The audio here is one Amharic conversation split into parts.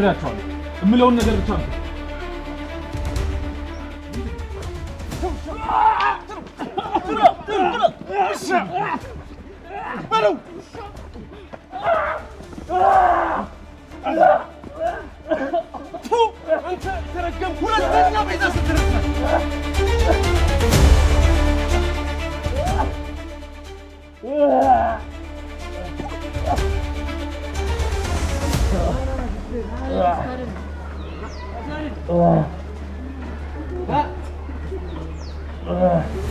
ነግራቸዋለሁ። የምለውን ነገር ብቻ ነው። ሁለተኛ わう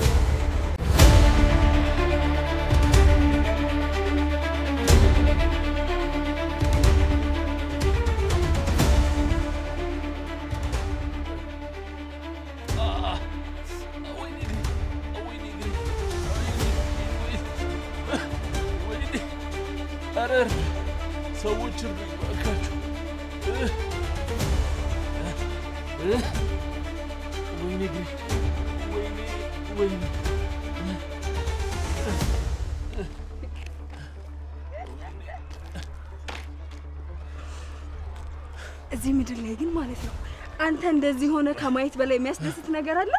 እንደዚህ ሆነ ከማየት በላይ የሚያስደስት ነገር አለ?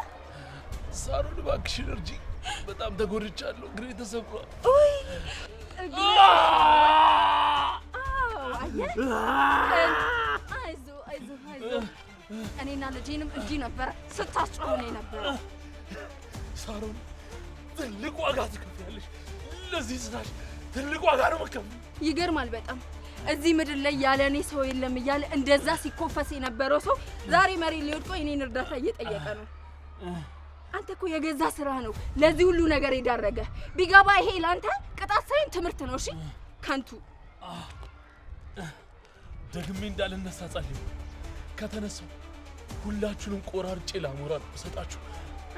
ሳሩን እባክሽን እርጂ። በጣም ተጎድቻለሁ። እግሬ ተሰብሯል። ውይ እኔና ልጄንም እጂ ነበረ ስታስጨሆነ ነበረ። ሳሮን ትልቅ ዋጋ ትከፍያለሽ። ለዚህ ስታሽ ትልቅ ዋጋ ነው መከፍ። ይገርማል በጣም እዚህ ምድር ላይ ያለ እኔ ሰው የለም እያለ እንደዛ ሲኮፈስ የነበረው ሰው ዛሬ መሬት ሊወድቆ የኔን እርዳታ እየጠየቀ ነው። አንተ እኮ የገዛ ስራ ነው ለዚህ ሁሉ ነገር የዳረገ። ቢገባ ይሄ ለአንተ ቅጣት ሳይሆን ትምህርት ነው። እሺ ከንቱ ደግሜ እንዳልነሳ ጸልዩ። ከተነሳው ሁላችሁንም ቆራርጬ ላሞራ ነው እሰጣችሁ።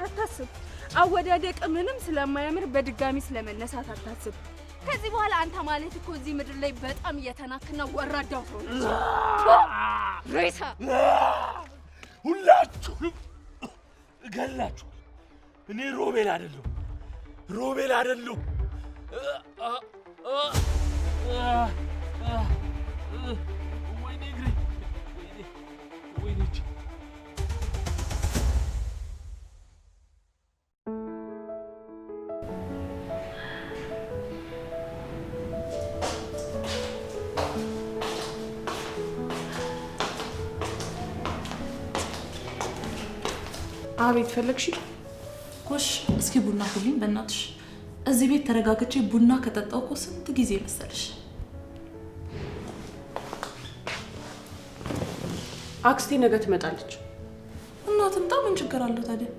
አታስብ። አወዳደቅ ምንም ስለማያምር በድጋሚ ስለመነሳት አታስብ። ከዚህ በኋላ አንተ ማለት እኮ እዚህ ምድር ላይ በጣም እየተናክና ወራዳው ትሆናለህ። ሬሳ ሁላችሁም እገላችሁ። እኔ ሮቤል አይደለሁ፣ ሮቤል አይደለሁ። ቤት ፈለግሽ? ኮሽ እስኪ ቡና ሁሉኝ በእናትሽ። እዚህ ቤት ተረጋግቼ ቡና ከጠጣው እኮ ስንት ጊዜ መሰለሽ። አክስቴ ነገ ትመጣለች እና ትምጣ፣ ምን ችግር አለው ታዲያ?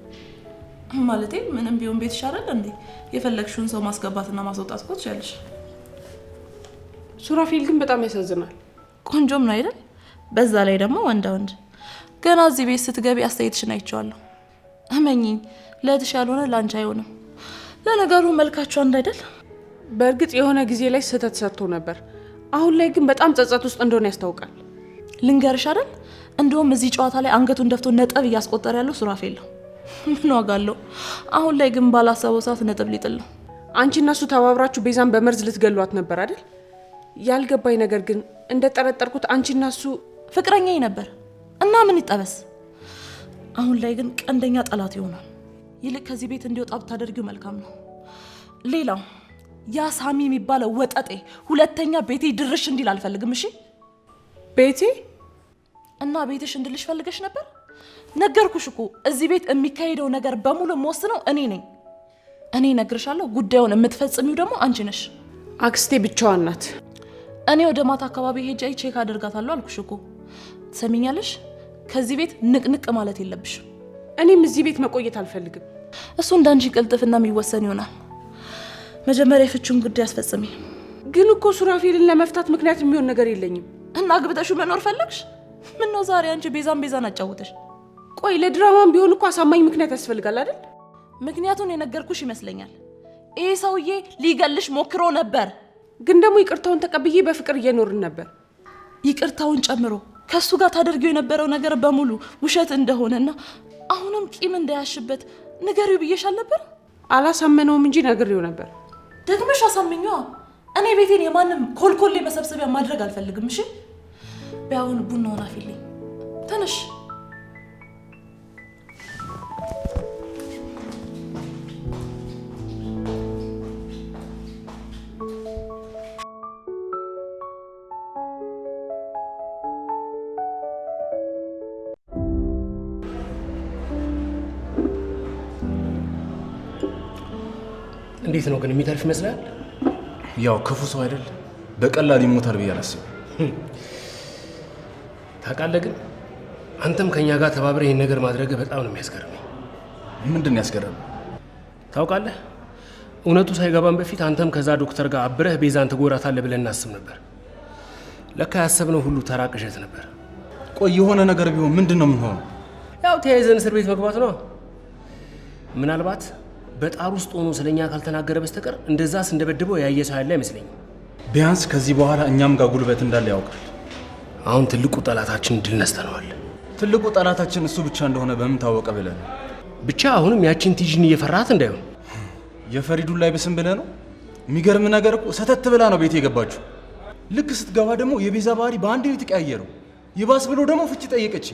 ማለቴ ምንም ቢሆን ቤት ይሻላል እንዴ? የፈለግሽውን ሰው ማስገባትና ማስወጣት እኮ ትችያለሽ። ሱራፌል ግን በጣም ያሳዝናል። ቆንጆም ነው አይደል? በዛ ላይ ደግሞ ወንዳ ወንድ። ገና እዚህ ቤት ስትገቢ አስተያየትሽን አይቼዋለሁ። እመኚኝ፣ ለእህትሽ ያልሆነ ለአንቺ አይሆንም። ለነገሩ መልካቸው አንድ አይደል? በእርግጥ የሆነ ጊዜ ላይ ስህተት ሰርቶ ነበር። አሁን ላይ ግን በጣም ጸጸት ውስጥ እንደሆነ ያስታውቃል። ልንገርሽ አይደል፣ እንደውም እዚህ ጨዋታ ላይ አንገቱን ደፍቶ ነጥብ እያስቆጠረ ያለው ሱራፌል ነው። ምን ዋጋ አለው? አሁን ላይ ግን ባላሰበው ሰዓት ነጥብ ሊጥል ነው። አንቺ እነሱ ተባብራችሁ ቤዛን በመርዝ ልትገሏት ነበር አይደል? ያልገባኝ ነገር ግን እንደጠረጠርኩት አንቺ እነሱ ፍቅረኛ ነበር እና ምን ይጠበስ አሁን ላይ ግን ቀንደኛ ጠላት ይሆናል። ይልቅ ከዚህ ቤት እንዲወጣ ብታደርጊው መልካም ነው። ሌላው ያ ሳሚ የሚባለው ወጠጤ ሁለተኛ ቤቴ ድርሽ እንዲል አልፈልግም። እሺ ቤቴ እና ቤትሽ እንድልሽ ፈልገሽ ነበር። ነገርኩሽ እኮ እዚህ ቤት የሚካሄደው ነገር በሙሉ የምወስነው እኔ ነኝ። እኔ እነግርሻለሁ፣ ጉዳዩን የምትፈጽሚው ደግሞ አንቺ ነሽ። አክስቴ ብቻዋን ናት። እኔ ወደ ማታ አካባቢ ሄጃ ቼክ አደርጋታለሁ አልኩሽ እኮ። ትሰሚኛለሽ? ከዚህ ቤት ንቅንቅ ማለት የለብሽም። እኔም እዚህ ቤት መቆየት አልፈልግም። እሱ እንዳንቺ ቅልጥፍና የሚወሰን ይሆናል። መጀመሪያ የፍቹን ጉዳይ አስፈጽሚ። ግን እኮ ሱራፌልን ለመፍታት ምክንያት የሚሆን ነገር የለኝም። እና ግብተሹ መኖር ፈለግሽ? ነው ዛሬ አንቺ ቤዛን ቤዛን አጫወተሽ? ቆይ ለድራማም ቢሆን እኮ አሳማኝ ምክንያት ያስፈልጋል አይደል? ምክንያቱን የነገርኩሽ ይመስለኛል። ይሄ ሰውዬ ሊገልሽ ሞክሮ ነበር፣ ግን ደግሞ ይቅርታውን ተቀብዬ በፍቅር እየኖርን ነበር። ይቅርታውን ጨምሮ ከእሱ ጋር ታደርገው የነበረው ነገር በሙሉ ውሸት እንደሆነና አሁንም ቂም እንዳያሽበት ንገሪው ብዬሻል ነበር። አላሳመነውም እንጂ ነግሬው ነበር። ደግመሽ አሳምኛ። እኔ ቤቴን የማንም ኮልኮሌ መሰብሰቢያ ማድረግ አልፈልግም። እሺ ቢያውን ቡና ፊልኝ ተነሽ እንዴት ነው ግን የሚተርፍ ይመስላል? ያው ክፉ ሰው አይደል፣ በቀላል ይሞታል ብዬ አላስብም። ታውቃለህ ግን አንተም ከእኛ ጋር ተባብረህ ይህን ነገር ማድረግህ በጣም ነው የሚያስገርመኝ። ምንድን ነው ያስገርም? ታውቃለህ እውነቱ ሳይገባን በፊት አንተም ከዛ ዶክተር ጋር አብረህ ቤዛን ትጎዳታለህ ብለን እናስብ ነበር። ለካ ያሰብነው ሁሉ ተራ ቅዠት ነበር። ቆይ የሆነ ነገር ቢሆን ምንድን ነው የምንሆነው? ያው ተያይዘን እስር ቤት መግባት ነው ምናልባት በጣር ውስጥ ሆኖ ስለኛ ካልተናገረ በስተቀር እንደዛ ስንደበድበው ያየ ሰው ያለ አይመስለኝም። ቢያንስ ከዚህ በኋላ እኛም ጋር ጉልበት እንዳለ ያውቃል። አሁን ትልቁ ጠላታችን ድል ነስተነዋል። ትልቁ ጠላታችን እሱ ብቻ እንደሆነ በምን ታወቀ ብቻ አሁንም ያችን ቲጅን እየፈራት እንዳይሆን የፈሪዱን ላይ ብስም ብለ ነው። የሚገርም ነገር እኮ ሰተት ብላ ነው ቤት የገባችሁ ልክ ስትገባ ደግሞ የቤዛ ባህሪ በአንድ ነው የተቀያየረው። ይባስ ብሎ ደግሞ ፍቺ ጠየቀች።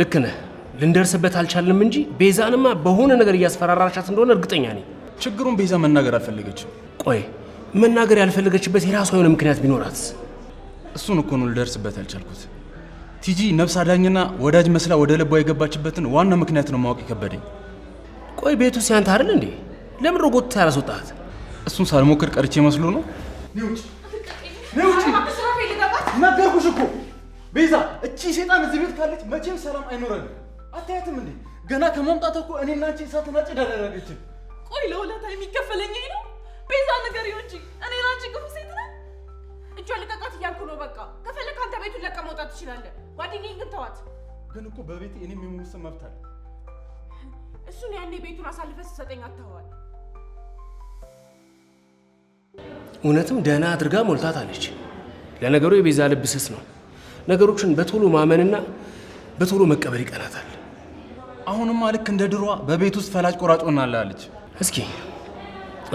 ልክ ነህ። ልንደርስበት አልቻልንም እንጂ ቤዛንማ በሆነ ነገር እያስፈራራቻት እንደሆነ እርግጠኛ ነኝ። ችግሩን ቤዛ መናገር አልፈለገችም። ቆይ መናገር ያልፈለገችበት የራሷ የሆነ ምክንያት ቢኖራት እሱን እኮ ነው ልደርስበት ያልቻልኩት። ቲጂ ነፍስ አዳኝና ወዳጅ መስላ ወደ ልቧ የገባችበትን ዋና ምክንያት ነው ማወቅ የከበደኝ። ቆይ ቤቱ ሲያንተ አይደል እንዴ? ለምን ሮጎት ያላስወጣት? እሱን ሳልሞክር ቀርቼ መስሎ ነው። ነገርኩሽ እኮ ቤዛ፣ እቺ ሴጣን እዚህ ቤት ካለች መቼም ሰላም አይኖረንም። አታያትም እንዴ? ገና ከመምጣት እኮ እኔ እና አንቺ እሳት ናጭ ዳደረገችን። ቆይ ለውለታ የሚከፈለኝ ይሄ ነው? ቤዛ ነገር ይሁን እንጂ እኔ እና ግፉ ሴት ነ እጇ ልቀቃት እያልኩ ነው። በቃ ከፈለክ አንተ ቤቱን ለቀ መውጣት ትችላለህ። ጓደኛዬን ግን ተዋት። ግን እኮ በቤት እኔም የመወሰን መብት አለ። እሱን ያኔ ቤቱን አሳልፈህ ስትሰጠኝ አታዋል። እውነትም ደህና አድርጋ ሞልታታለች። ለነገሩ የቤዛ ልብስስ ነው። ነገሮችን በቶሎ ማመንና በቶሎ መቀበል ይቀናታል። አሁንማ ልክ እንደ ድሯ በቤት ውስጥ ፈላጭ ቆራጭ ሆናላለች። እስኪ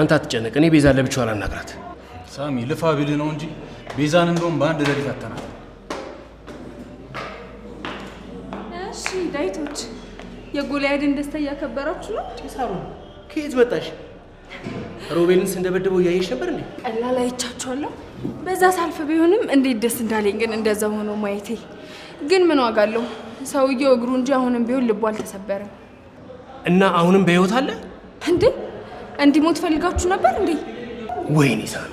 አንተ አትጨነቅ፣ እኔ ቤዛን ለብቻው አላናግራት። ሳሚ ልፋ ቢል ነው እንጂ ቤዛን እንደውም በአንድ ረድፍ ፈተናል። እሺ ዳይቶች፣ የጎልያድን ደስታ እያከበራችሁ ነው? ጭሳሩ ከየት መጣሽ? ሮቤልንስ እንደበደበው እያየሽ ነበር እንዴ? ቀላል አይቻችኋለሁ። በዛ ሳልፍ ቢሆንም እንዴት ደስ እንዳለኝ ግን እንደዛ ሆኖ ማየቴ ግን ምን ዋጋ አለው? ሰውየው እግሩ እንጂ አሁንም ቢሆን ልቡ አልተሰበረም። እና አሁንም በህይወት አለ እንዴ? እንዲሞት ፈልጋችሁ ነበር እንዴ? ወይኔ ሳሚ፣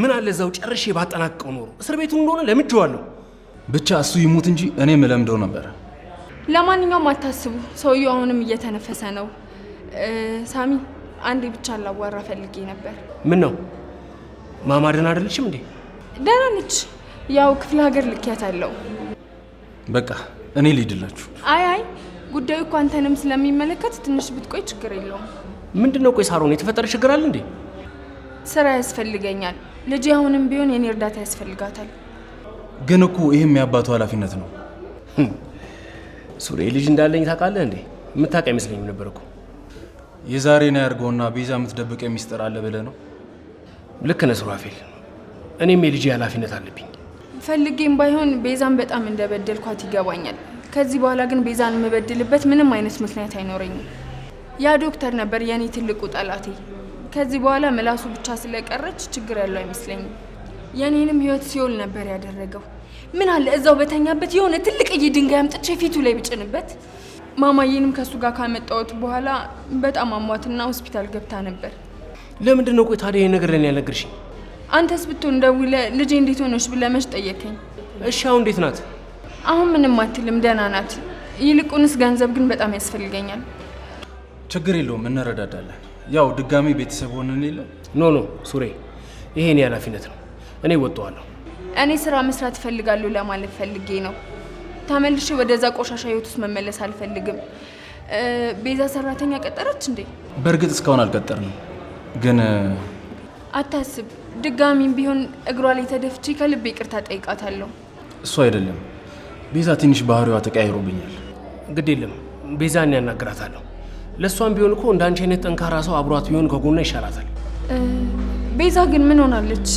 ምን አለ እዛው ጨርሼ ባጠናቅቀው ኖሮ እስር ቤቱን እንደሆነ ለምጄዋለሁ። ብቻ እሱ ይሙት እንጂ እኔም ምለምደው ነበረ። ለማንኛውም አታስቡ፣ ሰውየው አሁንም እየተነፈሰ ነው። ሳሚ፣ አንዴ ብቻ ላዋራ ፈልጌ ነበር። ምን ነው ማማደን አይደለችም እንዴ? ደህና ነች። ያው ክፍለ ሀገር ልኪያት አለው። በቃ እኔ ልሂድላችሁ። አይ አይ፣ ጉዳዩ እኮ አንተንም ስለሚመለከት ትንሽ ብትቆይ ችግር የለውም። ምንድን ነው? ቆይ ሳሮን፣ የተፈጠረ ችግር አለ እንዴ? ስራ ያስፈልገኛል። ልጅ አሁንም ቢሆን የኔ እርዳታ ያስፈልጋታል። ግን እኮ ይህም የአባቱ ኃላፊነት ነው። ሱሬ ልጅ እንዳለኝ ታውቃለህ እንዴ? የምታውቅ አይመስለኝም ነበር እኮ። የዛሬን ያድርገውና ቤዛ የምትደብቀ የሚስጥር አለ ብለህ ነው? ልክ ነህ ሱራፌል፣ እኔም የልጅ ኃላፊነት አለብኝ። ፈልጌም ባይሆን ቤዛን በጣም እንደበደልኳት ይገባኛል። ከዚህ በኋላ ግን ቤዛን የምበድልበት ምንም አይነት ምክንያት አይኖረኝም። ያ ዶክተር ነበር የእኔ ትልቁ ጠላቴ። ከዚህ በኋላ ምላሱ ብቻ ስለቀረች ችግር ያለው አይመስለኝም። የእኔንም ህይወት ሲኦል ነበር ያደረገው። ምን አለ እዛው በተኛበት የሆነ ትልቅዬ ድንጋይ አምጥቼ ፊቱ ላይ ብጭንበት። ማማዬንም ከእሱ ጋር ካመጣሁት በኋላ በጣም አሟትና ሆስፒታል ገብታ ነበር። ለምንድን ነው ቆይ ታዲያ ይህ ነገር ለእኔ ያልነገርሽኝ? አንተስ ብትሆን ደውለህ ልጄ እንዴት ሆነች ብለህ መች ጠየከኝ? እሺ አሁን እንዴት ናት? አሁን ምንም አትልም፣ ደህና ናት። ይልቁንስ ገንዘብ ግን በጣም ያስፈልገኛል። ችግር የለውም እንረዳዳለን። ያው ድጋሚ ቤተሰብ ሆነን የለ። ኖ ኖ ሱሬ፣ ይሄ እኔ ኃላፊነት ነው፣ እኔ ወጣዋለሁ እኔ ስራ መስራት እፈልጋለሁ ለማለት ፈልጌ ነው። ተመልሼ ወደዛ ቆሻሻ ህይወት ውስጥ መመለስ አልፈልግም። ቤዛ ሰራተኛ ቀጠረች እንዴ? በእርግጥ እስካሁን አልቀጠርንም፣ ግን አታስብ ድጋሚም ቢሆን እግሯ ላይ ተደፍቼ ከልቤ ይቅርታ ጠይቃታለሁ። እሱ አይደለም ቤዛ ትንሽ ባህሪዋ ተቀያይሮብኛል። ግድ የለም ቤዛን ያናግራታለሁ። ለእሷም ቢሆን እኮ እንደ አንቺ አይነት ጠንካራ ሰው አብሯት ቢሆን ከጎኗ ይሻላታል። ቤዛ ግን ምን ሆናለች?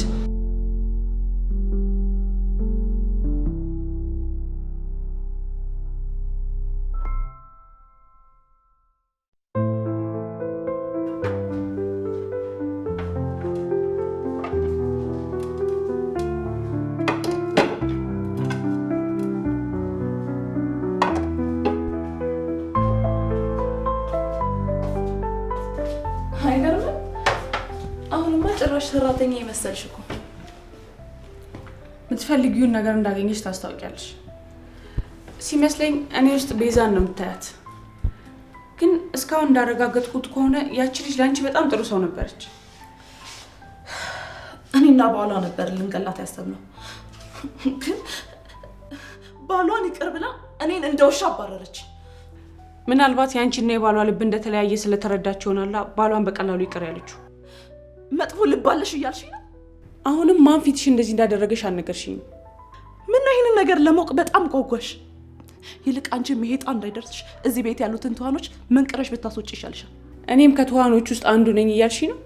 ጓደኛ የመሰልሽ እኮ የምትፈልጊውን ነገር እንዳገኘች ታስታውቂያለሽ። ሲመስለኝ እኔ ውስጥ ቤዛን ነው የምታያት። ግን እስካሁን እንዳረጋገጥኩት ከሆነ ያቺ ልጅ ለአንቺ በጣም ጥሩ ሰው ነበረች። እኔና ባሏ ነበር ልንገላት ያሰብነው፣ ግን ባሏን ይቅር ብላ እኔን እንደ ውሻ አባረረች። ምናልባት የአንቺና የባሏ ልብ እንደተለያየ ስለተረዳች ይሆናላ ባሏን በቀላሉ ይቅር ያለችው። መጥፎ ልብ አለሽ እያልሽኝ ነው? አሁንም ማን ፊትሽ እንደዚህ እንዳደረገሽ አልነገርሽኝም። ምነው ይህንን ነገር ለማወቅ በጣም ጓጓሽ? ይልቅ አንቺ መሄጣ እንዳይደርስሽ እዚህ ቤት ያሉትን ትኋኖች መንቅረሽ ብታስወጭ ይሻልሻል። እኔም ከትኋኖች ውስጥ አንዱ ነኝ እያልሽ ነው?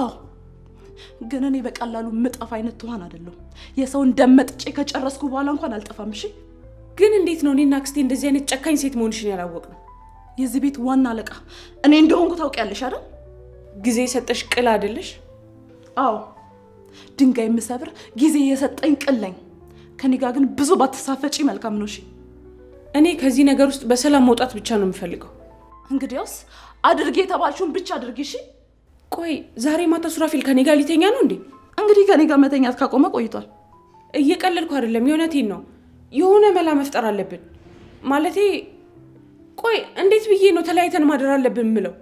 አዎ፣ ግን እኔ በቀላሉ ምጠፍ አይነት ትኋን አይደለሁ። የሰውን ደም መጥጬ ከጨረስኩ በኋላ እንኳን አልጠፋም። እሺ። ግን እንዴት ነው እኔና አክስቴ እንደዚህ አይነት ጨካኝ ሴት መሆንሽን ያላወቅ ነው? የዚህ ቤት ዋና አለቃ እኔ እንደሆንኩ ታውቂያለሽ አይደል? ጊዜ የሰጠሽ ቅል አይደለሽ? አዎ ድንጋይ የምሰብር ጊዜ የሰጠኝ ቅል ነኝ። ከኔ ጋር ግን ብዙ ባትሳፈጪ መልካም ነው። እሺ እኔ ከዚህ ነገር ውስጥ በሰላም መውጣት ብቻ ነው የምፈልገው። እንግዲያውስ አድርጌ የተባልሽውን ብቻ አድርጊ። እሺ ቆይ ዛሬ ማታ ሱራፊል ከኔ ጋር ሊተኛ ነው እንዴ? እንግዲህ ከኔ ጋር መተኛት ካቆመ ቆይቷል። እየቀለልኩ አይደለም፣ የእውነቴን ነው። የሆነ መላ መፍጠር አለብን። ማለቴ ቆይ እንዴት ብዬ ነው ተለያይተን ማደር አለብን ምለው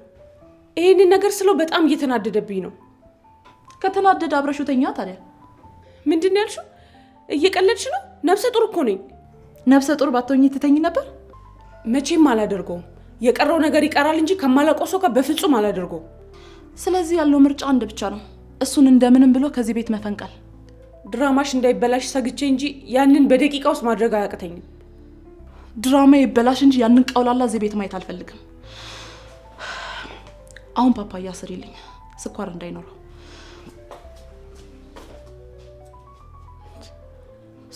ይሄንን ነገር ስለው በጣም እየተናደደብኝ ነው። ከተናደደ አብረሹ ተኛ። ታዲያ ምንድን ነው ያልሽው? እየቀለድሽ ነው? ነፍሰ ጡር እኮ ነኝ። ነፍሰ ጡር ባትሆኚ ትተኝ ነበር። መቼም አላደርገውም። የቀረው ነገር ይቀራል እንጂ ከማላውቀው ሰው ጋር በፍጹም አላደርገውም። ስለዚህ ያለው ምርጫ አንድ ብቻ ነው፣ እሱን እንደምንም ብሎ ከዚህ ቤት መፈንቀል። ድራማሽ እንዳይበላሽ ሰግቼ እንጂ ያንን በደቂቃ ውስጥ ማድረግ አያቅተኝም። ድራማ ይበላሽ እንጂ ያንን ቀውላላ እዚህ ቤት ማየት አልፈልግም። አሁን ፓፓያ ስሪልኝ፣ ስኳር እንዳይኖረው።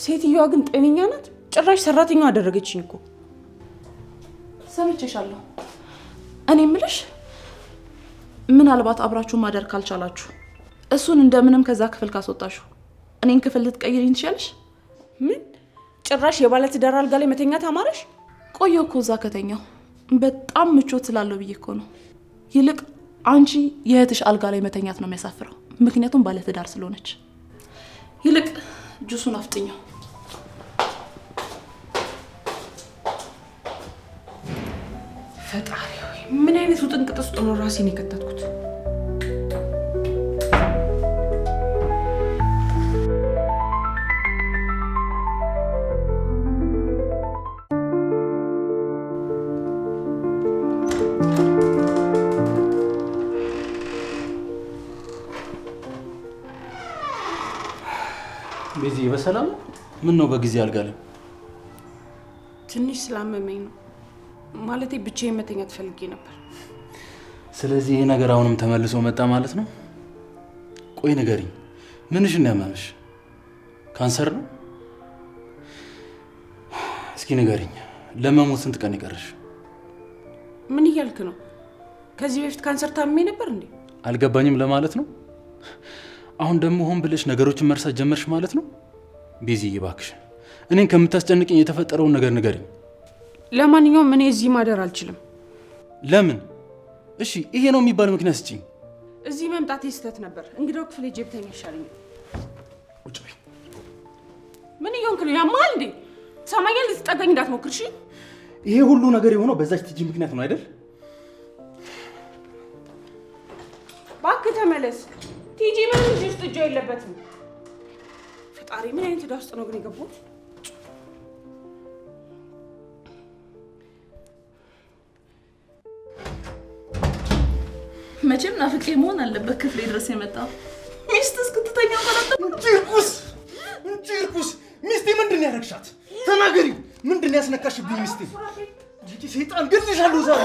ሴትዮዋ ግን ጤነኛ ናት? ጭራሽ ሰራተኛ አደረገችኝ እኮ። ሰምቼሻለሁ። እኔ እምልሽ ምናልባት አብራችሁ ማደር ካልቻላችሁ እሱን እንደምንም ከዛ ክፍል ካስወጣችሁ እኔን ክፍል ልትቀይሪኝ ትችያለሽ። ምን ጭራሽ የባለትዳር አልጋ ላይ መተኛት አማረሽ? ቆየ እኮ እዛ ከተኛው በጣም ምቾት ስላለው ብዬ እኮ ነው። ይልቅ አንቺ የእህትሽ አልጋ ላይ መተኛት ነው የሚያሳፍረው፣ ምክንያቱም ባለትዳር ስለሆነች። ይልቅ ጁሱን አፍጥኘው። ፈጣሪ ምን አይነት ውጥንቅጥ ውስጥ ነው ራሴን የከተትኩት? ጊዜ በሰላም ምን ነው? በጊዜ አልጋለ ትንሽ ስላመመኝ ነው ማለቴ፣ ብቻዬን መተኛት ፈልጌ ነበር። ስለዚህ ይሄ ነገር አሁንም ተመልሶ መጣ ማለት ነው። ቆይ ንገሪኝ፣ ምንሽ ነው ካንሰር ነው? እስኪ ንገሪኝ፣ ለመሞት ስንት ቀን ይቀርሽ? ምን እያልክ ነው? ከዚህ በፊት ካንሰር ታምሜ ነበር እንዴ? አልገባኝም ለማለት ነው አሁን ደግሞ ሆን ብለሽ ነገሮችን መርሳት ጀመርሽ ማለት ነው። ቢዚ ይባክሽ፣ እኔን ከምታስጨንቅኝ የተፈጠረውን ነገር ንገርኝ። ለማንኛውም እኔ እዚህ ማደር አልችልም። ለምን? እሺ ይሄ ነው የሚባል ምክንያት ስጪኝ። እዚህ መምጣት ስህተት ነበር። እንግዳው ክፍሌ ሄጄ ብተኛ ይሻለኛል። ምን እየሆንክ ነው? ያማል እንዴ? ሰማኛል። ልትጠጋኝ እንዳትሞክር እሺ። ይሄ ሁሉ ነገር የሆነው በዛች ትጂ ምክንያት ነው አይደል? እባክህ ተመለስ። ቲጂ ምን እንጂ ውስጥ እጇ የለበትም። ፈጣሪ ምን አይነት ዕዳ ውስጥ ነው ግን የገቡት? መቼም ናፍቄ መሆን አለበት ክፍሌ ድረስ የመጣው ሚስት እስክትተኛ ርኩስ እንጂ ርኩስ። ሚስቴ ምንድን ያደረግሻት? ተናገሪ። ምንድን ያስነካሽብኝ ሚስቴ? ሰይጣን ገዝሻለሁ ዛሬ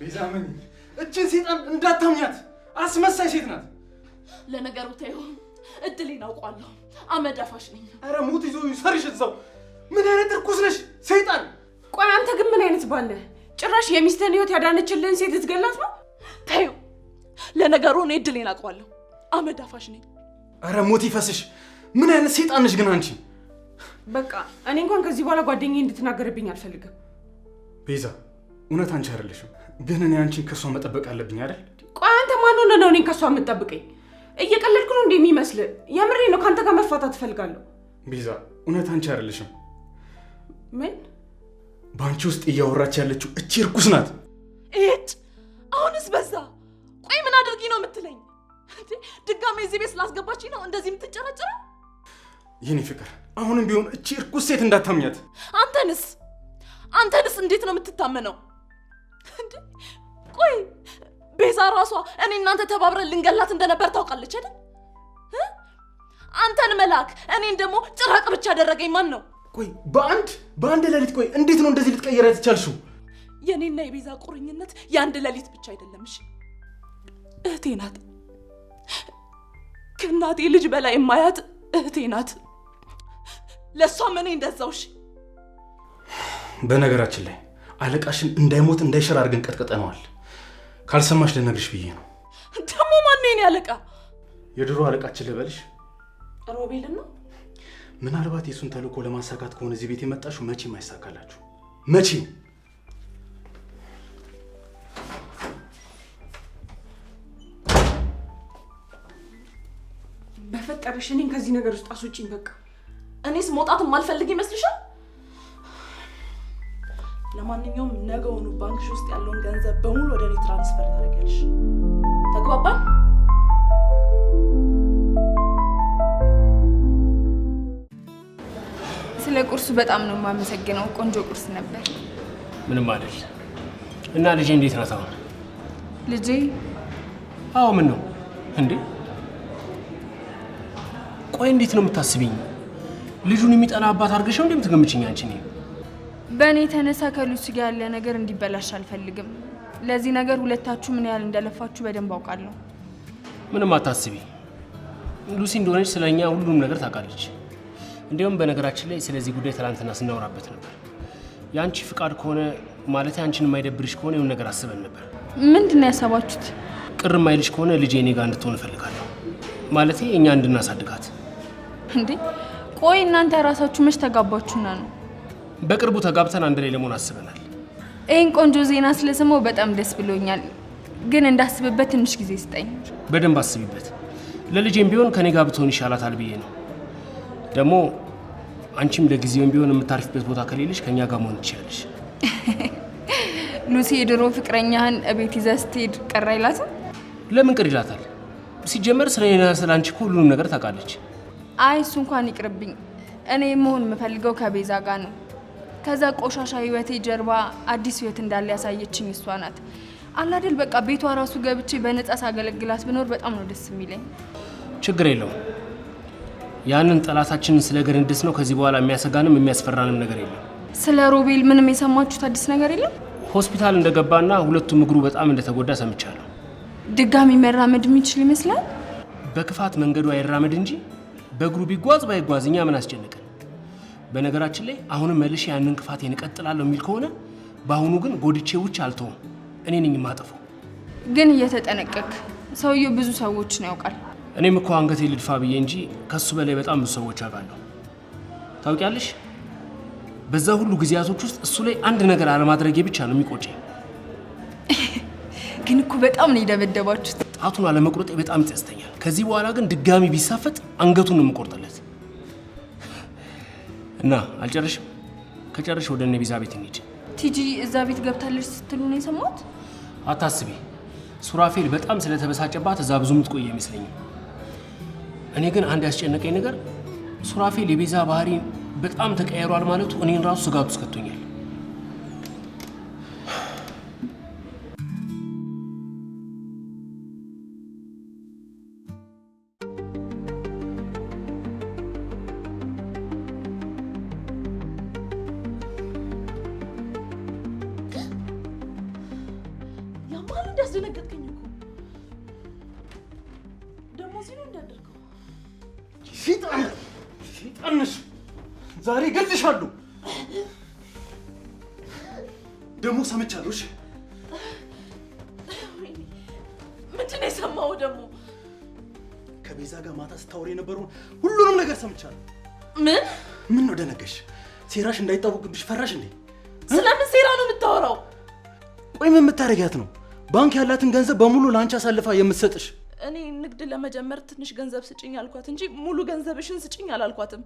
ቤዛ እችን ሴጣን እንዳታምኛት አስመሳይ ሴት ናት። ለነገሩ ተይው፣ እድሌን አውቋለሁ። አመዳፋሽ ነኝ። አረ ሞት ይዞ ይሰርሽ እዛው። ምን አይነት እርኩስ ነሽ ሰይጣን! ቆይ አንተ ግን ምን አይነት ባለ ጭራሽ የሚስትህን ህይወት ያዳነችልን ሴት ልትገላት ነው? ተይው፣ ለነገሩ እኔ እድሌን አውቋለሁ። አመዳፋሽ ነኝ። አረ ሞት ይፈስሽ። ምን አይነት ሰይጣን ነሽ ግን አንቺ! በቃ እኔ እንኳን ከዚህ በኋላ ጓደኛዬ እንድትናገርብኝ አልፈልግም። ቤዛ እውነት አንቺ አይደለሽም ግን እኔ አንቺን ከሷ መጠበቅ አለብኝ አይደል? ቆይ አንተ ማን ሆነህ ነው እኔን ከሷ የምጠብቀኝ? እየቀለድኩ ነው እንዴ የሚመስል? የምሬ ነው። ከአንተ ጋር መፋታት እፈልጋለሁ። ቤዛ እውነት አንቺ አይደለሽም። ምን በአንቺ ውስጥ እያወራች ያለችው እቺ እርኩስ ናት። እጭ አሁንስ በዛ። ቆይ ምን አድርጊ ነው የምትለኝ? ድጋሜ እዚህ ቤት ስላስገባች ነው እንደዚህ የምትጨረጭረው? ይህኔ ፍቅር አሁንም ቢሆን እቺ እርኩስ ሴት እንዳታምኛት። አንተንስ አንተንስ እንዴት ነው የምትታመነው? ቆይ ቤዛ ራሷ እኔ እናንተ ተባብረን ልንገላት እንደነበር ታውቃለች አይደል? አንተን መልአክ እኔን ደግሞ ጭራቅ ብቻ ያደረገኝ ማን ነው? ቆይ በአንድ በአንድ ሌሊት ቆይ እንዴት ነው እንደዚህ ልትቀየሪያት የቻልሽው? የእኔና የቤዛ ቁርኝነት የአንድ ሌሊት ብቻ አይደለም። እህቴ ናት። ከእናቴ ልጅ በላይ የማያት እህቴ ናት። ለእሷም እኔ እንደዛውሽ በነገራችን ላይ አለቃሽን እንዳይሞት እንዳይሸር አድርገን ቀጥቀጠነዋል። ካልሰማሽ ልነግርሽ ብዬ ነው። ደግሞ ማን የኔ አለቃ? የድሮ አለቃችን ልበልሽ? ሮቤል ነው። ምናልባት የሱን ተልእኮ ለማሳካት ከሆነ እዚህ ቤት የመጣሽው መቼም አይሳካላችሁ። መቼም በፈጠረሽ እኔን ከዚህ ነገር ውስጥ አስውጭኝ። በቃ እኔስ መውጣት ማልፈልግ ይመስልሻል? ለማንኛውም ነገውኑ ባንክሽ ውስጥ ያለውን ገንዘብ በሙሉ ወደ እኔ ትራንስፈር ታደርጊያለሽ። ተግባባን? ስለ ቁርሱ በጣም ነው የማመሰግነው። ቆንጆ ቁርስ ነበር። ምንም አይደል። እና ልጄ እንዴት ናት አሁን? ልጄ አዎ። ምን ነው እንዴ? ቆይ እንዴት ነው የምታስቢኝ? ልጁን የሚጠላ አባት አድርገሽ ነው እንደምትገምችኝ አንቺ? በእኔ የተነሳ ከሉሲ ጋር ያለ ነገር እንዲበላሽ አልፈልግም። ለዚህ ነገር ሁለታችሁ ምን ያህል እንደለፋችሁ በደንብ አውቃለሁ። ምንም አታስቢ። ሉሲ እንደሆነች ስለ እኛ ሁሉንም ነገር ታውቃለች። እንዲሁም በነገራችን ላይ ስለዚህ ጉዳይ ትላንትና ስናወራበት ነበር። የአንቺ ፍቃድ ከሆነ ማለት አንቺን የማይደብርሽ ከሆነ የሆነ ነገር አስበን ነበር። ምንድን ነው ያሰባችሁት? ቅር የማይልሽ ከሆነ ልጄ እኔ ጋር እንድትሆን እፈልጋለሁ። ማለቴ እኛ እንድናሳድጋት። እንዴ ቆይ እናንተ ራሳችሁ መች ተጋባችሁና ነው በቅርቡ ተጋብተን አንድ ላይ ለመሆን አስበናል። ይህን ቆንጆ ዜና ስለሰማው በጣም ደስ ብሎኛል። ግን እንዳስብበት ትንሽ ጊዜ ስጠኝ። በደንብ አስቢበት። ለልጄም ቢሆን ከኔ ጋር ብትሆን ይሻላታል ብዬ ነው። ደግሞ አንቺም ለጊዜውም ቢሆን የምታርፊበት ቦታ ከሌለሽ ከእኛ ጋር መሆን ትችላለሽ። ሉሲ የድሮ ፍቅረኛህን እቤት ይዘህ ስትሄድ ቀረ አይላትም? ለምን ቅር ይላታል? ሲጀመር ስለኔና ስለ አንቺ ሁሉንም ነገር ታውቃለች። አይ እሱ እንኳን ይቅርብኝ። እኔ መሆን የምፈልገው ከቤዛ ጋር ነው። ከዛ ቆሻሻ ህይወቴ ጀርባ አዲስ ህይወት እንዳለ ያሳየችኝ እሷ ናት። አላደል በቃ ቤቷ ራሱ ገብቼ በነጻ ሳገለግላት ብኖር በጣም ነው ደስ የሚለኝ። ችግር የለው። ያንን ጠላታችንን ስለ ገንድስ ነው። ከዚህ በኋላ የሚያሰጋንም የሚያስፈራንም ነገር የለም። ስለ ሮቤል ምንም የሰማችሁት አዲስ ነገር የለም? ሆስፒታል እንደገባና ሁለቱም እግሩ በጣም እንደተጎዳ ሰምቻለሁ። ድጋሚ መራመድ የሚችል ይመስላል። በክፋት መንገዱ አይራመድ እንጂ በእግሩ ቢጓዝ ባይጓዝ እኛ ምን አስጨነቀ? በነገራችን ላይ አሁንም መልሼ ያንን ክፋት እቀጥላለሁ የሚል ከሆነ በአሁኑ ግን ጎድቼ ውጭ አልተውም። እኔ ነኝ የማጠፋው። ግን እየተጠነቀቅ ሰውየው ብዙ ሰዎችን ያውቃል። እኔም እኮ አንገቴ ልድፋ ብዬ እንጂ ከሱ በላይ በጣም ብዙ ሰዎች አውቃለሁ። ታውቂያለሽ፣ በዛ ሁሉ ጊዜያቶች ውስጥ እሱ ላይ አንድ ነገር አለማድረጌ ብቻ ነው የሚቆጨኝ። ግን እኮ በጣም ነው የደበደባችሁት። ጣቱን አለመቁረጤ በጣም ይጸጽተኛል። ከዚህ በኋላ ግን ድጋሚ ቢሳፈጥ አንገቱን ነው የምቆርጥለት። እና አልጨረሽም? ከጨረሽ ወደ እነ ቤዛ ቤት እንሂድ። ቲጂ እዛ ቤት ገብታለች ስትሉ ነው የሰማሁት። አታስቢ፣ ሱራፌል በጣም ስለተበሳጨባት እዛ ብዙ ምትቆይ አይመስለኝም። እኔ ግን አንድ ያስጨነቀኝ ነገር ሱራፌል የቤዛ ባህሪ በጣም ተቀይሯል ማለቱ እኔን ራሱ ስጋት ውስጥ ከቶኛል። ልጅ ፈራሽ እንዴ? ስለምን ሴራ ነው የምታወራው? ቆይ ምን የምታደርጊያት ነው? ባንክ ያላትን ገንዘብ በሙሉ ለአንቺ አሳልፋ የምትሰጥሽ? እኔ ንግድ ለመጀመር ትንሽ ገንዘብ ስጭኝ አልኳት እንጂ ሙሉ ገንዘብሽን ስጭኝ አላልኳትም።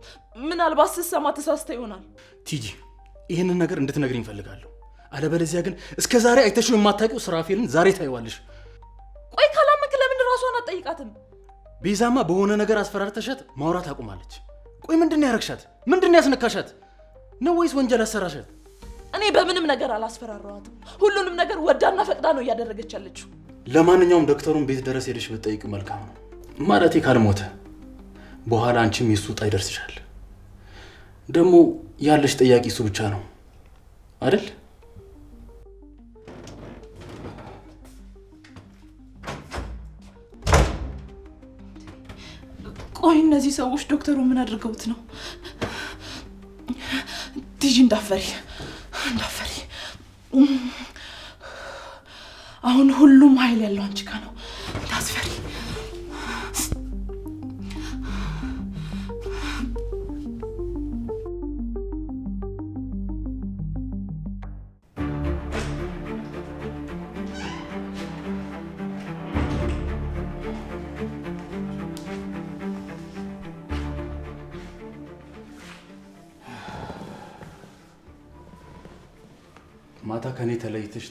ምናልባት ስትሰማ ተሳስተ ይሆናል። ቲጂ ይህንን ነገር እንድትነግሪኝ እፈልጋለሁ። አለበለዚያ ግን እስከ ዛሬ አይተሽው የማታውቂው ስራፌልን ዛሬ ታይዋለሽ። ቆይ ካላመንክ ለምን ራሷን አትጠይቃትም? ቤዛማ በሆነ ነገር አስፈራርተሻት ማውራት አቁማለች። ቆይ ምንድን ያረግሻት? ምንድን ያስነካሻት? ነው ወይስ ወንጀል አሰራሻት? እኔ በምንም ነገር አላስፈራራዋትም። ሁሉንም ነገር ወዳና ፈቅዳ ነው እያደረገች ያለችው። ለማንኛውም ዶክተሩን ቤት ድረስ ሄደሽ ብትጠይቅ መልካም ነው። ማለቴ ካልሞተ በኋላ አንቺም የሱ ዕጣ ይደርስሻል። ደግሞ ያለሽ ጠያቂ እሱ ብቻ ነው አይደል? ቆይ እነዚህ ሰዎች ዶክተሩ ምን አድርገውት ነው ትይዥ እንዳፈሪ እንዳፈሪ። አሁን ሁሉም ኃይል ያለው አንቺ ጋ ነው።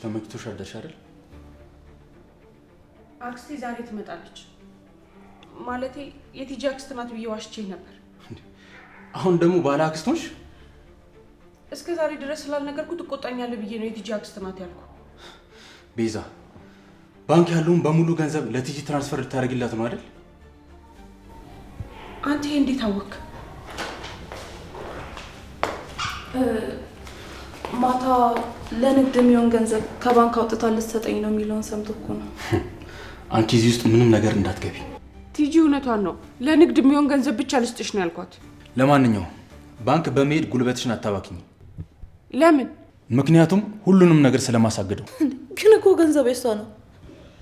ተመችቶሽ አለሽ አይደል? አክስቴ ዛሬ ትመጣለች። ማለቴ የቲጂ አክስት ናት ብዬ ዋሽቼ ነበር። አሁን ደግሞ ባለ አክስቶች እስከ ዛሬ ድረስ ስላልነገርኩ ትቆጣኛለ ብዬ ነው የቲጂ አክስት ናት ያልኩ። ቤዛ፣ ባንክ ያለውን በሙሉ ገንዘብ ለቲጂ ትራንስፈር ልታደርግላት ነው አይደል? አንተ ይሄ እንዴት አወቅ? ማታ ለንግድ የሚሆን ገንዘብ ከባንክ አውጥታ ልትሰጠኝ ነው የሚለውን ሰምቶ እኮ ነው። አንቺ እዚህ ውስጥ ምንም ነገር እንዳትገቢ ቲጂ። እውነቷን ነው። ለንግድ የሚሆን ገንዘብ ብቻ ልስጥሽ ነው ያልኳት። ለማንኛውም ባንክ በመሄድ ጉልበትሽን አታባክኝ። ለምን? ምክንያቱም ሁሉንም ነገር ስለማሳግደው። ግን እኮ ገንዘብ የሷ ነው።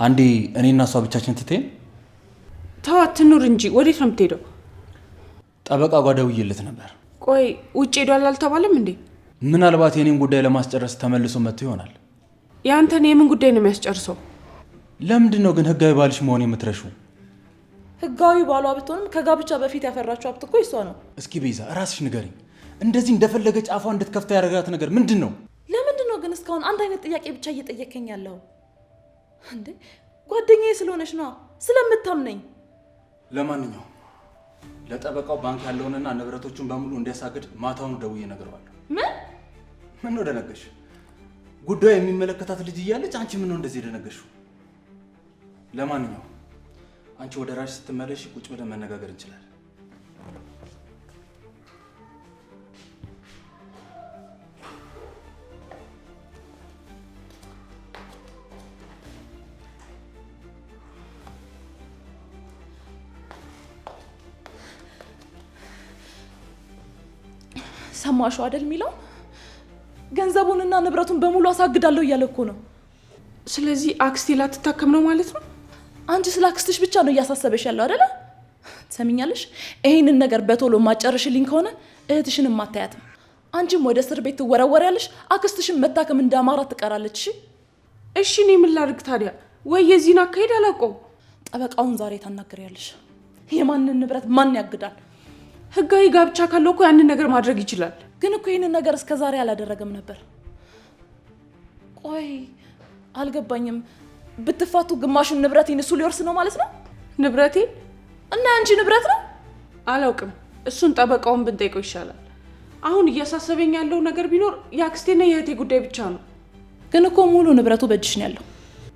አንዴ እኔና እሷ ብቻችን ትትሄን። ተዋት ትኑር እንጂ ወዴት ነው የምትሄደው? ጠበቃ ጓዳ ውይይት ነበር። ቆይ ውጭ ሄዷል አልተባለም እንዴ? ምናልባት የኔን ጉዳይ ለማስጨረስ ተመልሶ መጥቶ ይሆናል። የአንተን የምን ጉዳይ ነው የሚያስጨርሰው? ለምንድን ነው ግን ህጋዊ ባልሽ መሆን የምትረሹ? ህጋዊ ባሏ ብትሆንም ከጋብቻ በፊት ያፈራችው ሀብት እኮ ይሷ ነው። እስኪ ቤዛ እራስሽ ንገሪኝ፣ እንደዚህ እንደፈለገች አፏ እንድትከፍታ ያደረጋት ነገር ምንድን ነው? ለምንድን ነው ግን እስካሁን አንድ አይነት ጥያቄ ብቻ እየጠየከኝ ያለው? እንዴ ጓደኛዬ ስለሆነች ነዋ፣ ስለምታምነኝ። ለማንኛውም ለጠበቃው ባንክ ያለውንና ንብረቶቹን በሙሉ እንዲያሳግድ ማታውን ደውዬ እነግረዋለሁ። ምን ምን ነው ደነገሽ? ጉዳዩ የሚመለከታት ልጅ እያለች አንቺ ምን ነው እንደዚህ ደነገሽው? ለማንኛውም አንቺ ወደ ራሽ ስትመለሽ ቁጭ ብለን መነጋገር እንችላለን። ሰማሽው አይደል የሚለው ገንዘቡንና ንብረቱን በሙሉ አሳግዳለሁ እያለ እኮ ነው። ስለዚህ አክስቴ ላትታከም ነው ማለት ነው። አንቺ ስለ አክስትሽ ብቻ ነው እያሳሰበሽ ያለው አደለ? ሰሚኛለሽ፣ ይህንን ነገር በቶሎ ማጨረሽልኝ ከሆነ እህትሽን ማታያትም፣ አንቺም ወደ እስር ቤት ትወረወሪያለሽ፣ አክስትሽን መታከም እንዳማራ ትቀራለች። እሺ እኔ ምን ላድርግ ታዲያ? ወይ የዚህን አካሄድ አላውቀውም። ጠበቃውን ዛሬ ታናግሪያለሽ። የማንን ንብረት ማን ያግዳል? ህጋዊ ጋብቻ ካለው እኮ ያንን ነገር ማድረግ ይችላል። ግን እኮ ይህንን ነገር እስከ ዛሬ አላደረገም ነበር። ቆይ አልገባኝም። ብትፋቱ ግማሹን ንብረቴን እሱ ሊወርስ ነው ማለት ነው? ንብረቴን እና አንቺ ንብረት ነው አላውቅም። እሱን ጠበቃውን ብንጠይቀው ይሻላል። አሁን እያሳሰበኝ ያለው ነገር ቢኖር የአክስቴና የእህቴ ጉዳይ ብቻ ነው። ግን እኮ ሙሉ ንብረቱ በእጅሽ ነው ያለው።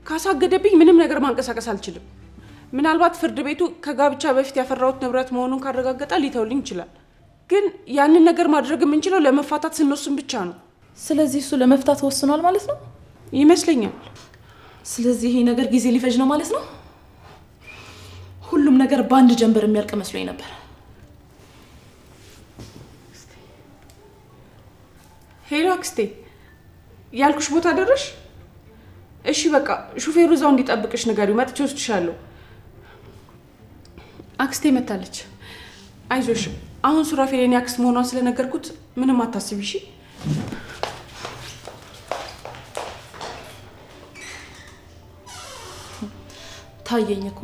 ካሳገደብኝ ምንም ነገር ማንቀሳቀስ አልችልም። ምናልባት ፍርድ ቤቱ ከጋብቻ በፊት ያፈራሁት ንብረት መሆኑን ካረጋገጠ ሊተውልኝ ይችላል። ግን ያንን ነገር ማድረግ የምንችለው ለመፋታት ስንወስን ብቻ ነው። ስለዚህ እሱ ለመፍታት ወስኗል ማለት ነው ይመስለኛል። ስለዚህ ይሄ ነገር ጊዜ ሊፈጅ ነው ማለት ነው። ሁሉም ነገር በአንድ ጀንበር የሚያልቅ መስሎኝ ነበር። ሄሎ አክስቴ፣ ያልኩሽ ቦታ ደረሽ? እሺ በቃ ሹፌሩ እዛው እንዲጠብቅሽ ንገሪው፣ መጥቼ ወስድሻለሁ። አክስቴ መታለች። አይዞሽ አሁን ሱራፌል የኔ አክስት መሆኗን ስለነገርኩት ምንም አታስቢ እሺ። ታየኝ እኮ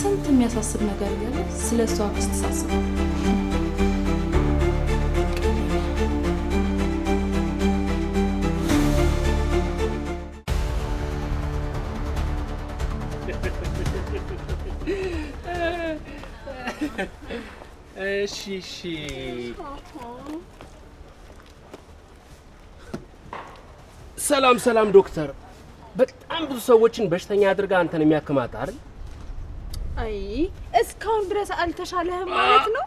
ስንት የሚያሳስብ ነገር እያለ ስለ እሷ አክስት እሺ። ሰላም ሰላም ዶክተር፣ በጣም ብዙ ሰዎችን በሽተኛ አድርጋ አንተን የሚያክማት አይደል? አይ እስካሁን ድረስ አልተሻለህም ማለት ነው።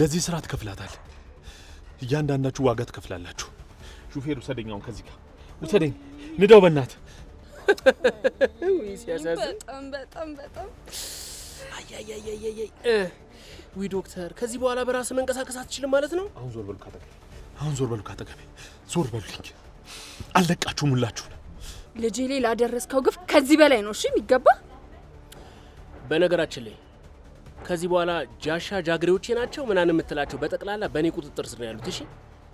ለዚህ ስራ ትከፍላታል። እያንዳንዳችሁ ዋጋ ትከፍላላችሁ። ሹፌር ውሰደኛውን ከዚህ ጋር ውሰደኝ፣ ንዳው በእናት ሲያሳዝን በጣም በጣም በጣም ውይ ዶክተር፣ ከዚህ በኋላ በራስ መንቀሳቀስ አትችልም ማለት ነው? አሁን ዞር በሉ ካጠገቤ! አሁን ዞር በሉ ካጠገቤ! ዞር በሉልኝ! አልለቃችሁም ሁላችሁን። ልጄ ላይ ላደረስከው ግፍ ከዚህ በላይ ነው እሺ የሚገባ። በነገራችን ላይ ከዚህ በኋላ ጃሻ ጃግሬዎቼ ናቸው ምናምን የምትላቸው በጠቅላላ በእኔ ቁጥጥር ስር ነው ያሉት። እሺ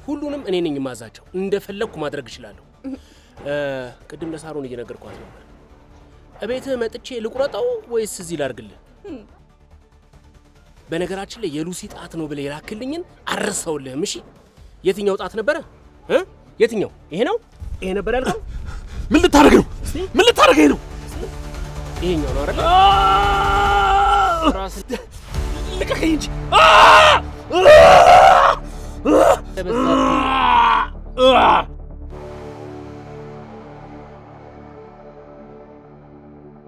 ሁሉንም እኔ ነኝ የማዛቸው። እንደፈለግኩ ማድረግ እችላለሁ። ቅድም ለሳሮን እየነገርኳት ነበር። እቤትህ መጥቼ ልቁረጠው ወይስ እዚህ ላርግልህ? በነገራችን ላይ የሉሲ ጣት ነው ብለህ የላክልኝን አረሳውልህም። እሺ የትኛው ጣት ነበረ? የትኛው? ይሄ ነው ይሄ ነበር ያልከው? ምን ልታደርግ ነው? ምን ልታደርገኝ ነው? ይሄኛው ነው አይደል? ራስ ልቀቀኝ እንጂ